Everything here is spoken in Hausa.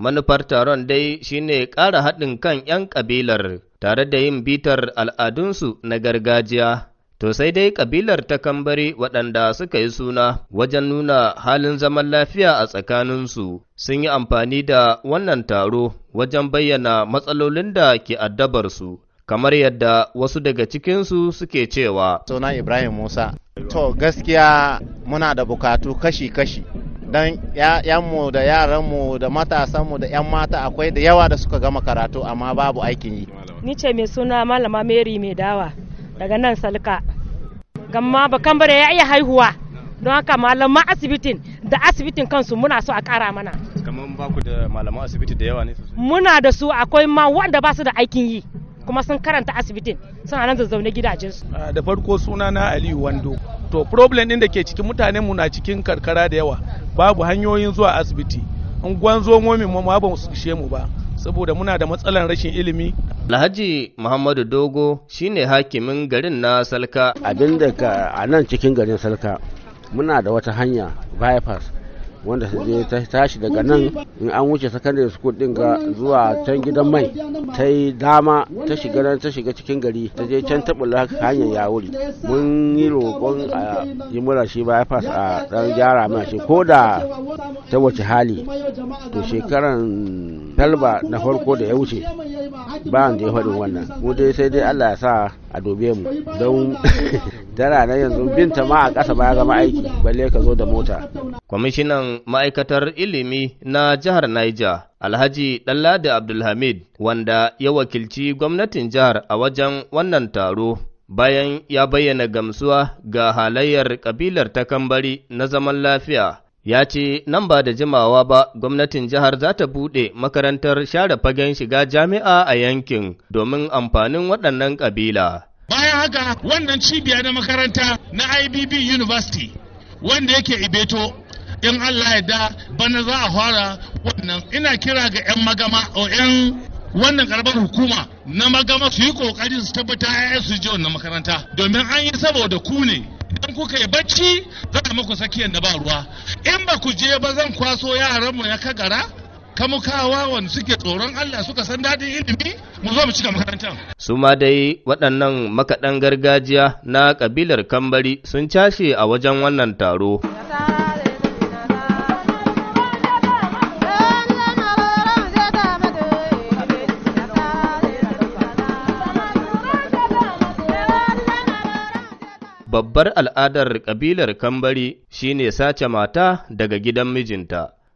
Manufar taron dai shine ƙara haɗin kan ‘yan ƙabilar tare da yin bitar al'adunsu na gargajiya. To sai dai ƙabilar ta kambari waɗanda suka yi suna wajen nuna halin zaman lafiya a tsakaninsu sun yi amfani da wannan taro wajen bayyana matsalolin da ke addabarsu, kamar yadda wasu daga cikinsu suke cewa. Suna Ibrahim Musa. To gaskiya muna da bukatu kashi-kashi don ‘yanmu da yaranmu da matasanmu da ‘yan mata akwai da yawa da suka gama karatu amma babu aikin yi. Ni ce mai suna Malama Mary mai dawa daga nan Salka. Gamma bakan bare ya iya haihuwa don haka malaman asibitin da asibitin kansu muna so a kara mana. Kamar ba ku da malaman asibiti da yawa ne sosai? Muna da su akwai ma wanda ba su da aikin yi. kuma sun karanta asibitin suna nan zazzaune gidajensu. Ah, da farko suna na Aliyu Wando. To problem ɗin da ke cikin mutanen mu na cikin karkara da yawa. babu hanyoyin zuwa asibiti in gwanzo ma ba su ishe mu ba saboda muna da matsalar rashin ilimi Alhaji Muhammadu Dogo shine hakimin garin na Salka abinda ka a nan cikin garin Salka muna da wata hanya bypass wanda ta tashi daga nan in an wuce sakandare school din ga zuwa can gidan mai ta yi dama ta shiga nan ta shiga cikin gari ta je can ta bula hanyar ya wuri mun yi roƙon a yi mura shi ba pass a dan gyara mana shi ko da ta wace hali to shekaran talba na farko da ya wuce ba da ya faɗin wannan mu dai sai dai Allah ya sa a dobe mu don tana nan yanzu binta ma a ƙasa ba ya aiki balle ka zo da mota. Kwamishinan ma'aikatar ilimi na jihar Niger Alhaji Ɗanladi Abdulhamid wanda ya wakilci gwamnatin jihar a wajen wannan taro bayan ya bayyana gamsuwa ga halayyar kabilar ta kambari na zaman lafiya. ya ce nan ba da jimawa ba gwamnatin jihar za ta buɗe makarantar share fagen shiga jami'a a yankin domin amfanin waɗannan ƙabila. bayan haka wannan cibiya na makaranta na ibb university wanda yake ibeto in allah ya da bana za a fara wannan ina kira ga 'yan magama o 'yan wannan karbar hukuma na magama su yi kokari su tabbata 'ya'yan su je wannan makaranta domin an yi saboda ku ne idan kuka yi bacci za a muku tsakiyar da ba ruwa in ba ku je ba zan kwaso yaran mu ya kagara kamukawa wani suke tsoron Allah suka san daɗin ilimi mu zo mu cika makarantar. Su ma dai waɗannan makaɗan gargajiya na ƙabilar Kambari sun cashe a wajen wannan taro. Babbar al'adar ƙabilar Kambari shine sace mata daga gidan mijinta.